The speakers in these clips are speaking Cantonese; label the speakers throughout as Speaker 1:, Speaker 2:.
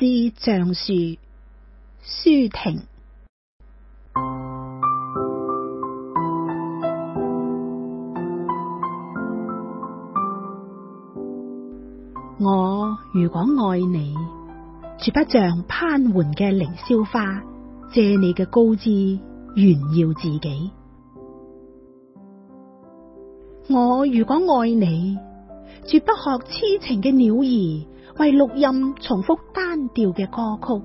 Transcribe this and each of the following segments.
Speaker 1: 《致橡樹》舒婷， 我如果愛你，絕不像攀援嘅凌霄花，借你嘅高枝炫耀自己；我如果愛你，絕不學癡情嘅鳥兒。為錄音重複單調嘅歌曲，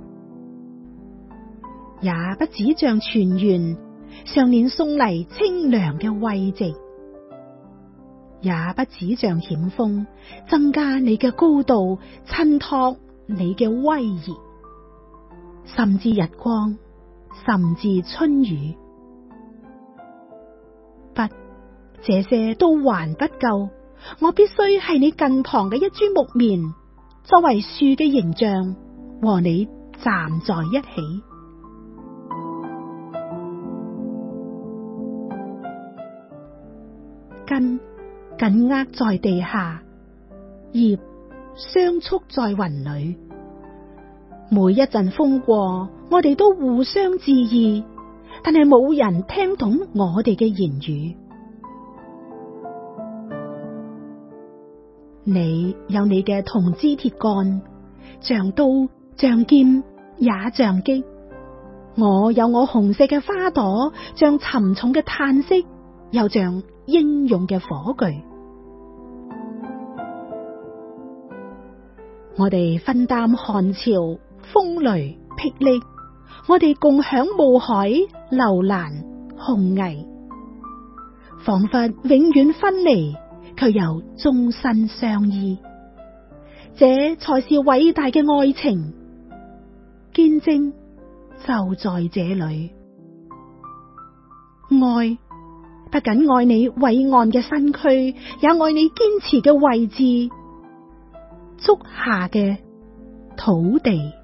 Speaker 1: 也不止像泉源常年送嚟清涼嘅慰藉，也不止像險峰增加你嘅高度，襯托你嘅威儀，甚至日光，甚至春雨。不，這些都還不夠，我必須係你近旁嘅一株木棉。作為樹嘅形象，和你站在一起，根緊握在地下，葉相觸在雲裏。每一陣風過，我哋都互相致意，但係冇人聽懂我哋嘅言語。你有你嘅銅枝鐵幹，像刀，像劍，也像戟；我有我紅色嘅花朵，像沉重嘅嘆息，又像英勇嘅火炬。我哋分擔寒潮、風雷、霹靂；我哋共享霧海、流嵐、紅霓。仿佛永遠分離。卻又終身相依，這才是偉大嘅愛情，堅貞就在這裏。愛不僅愛你偉岸嘅身軀，也愛你堅持嘅位置，足下嘅土地。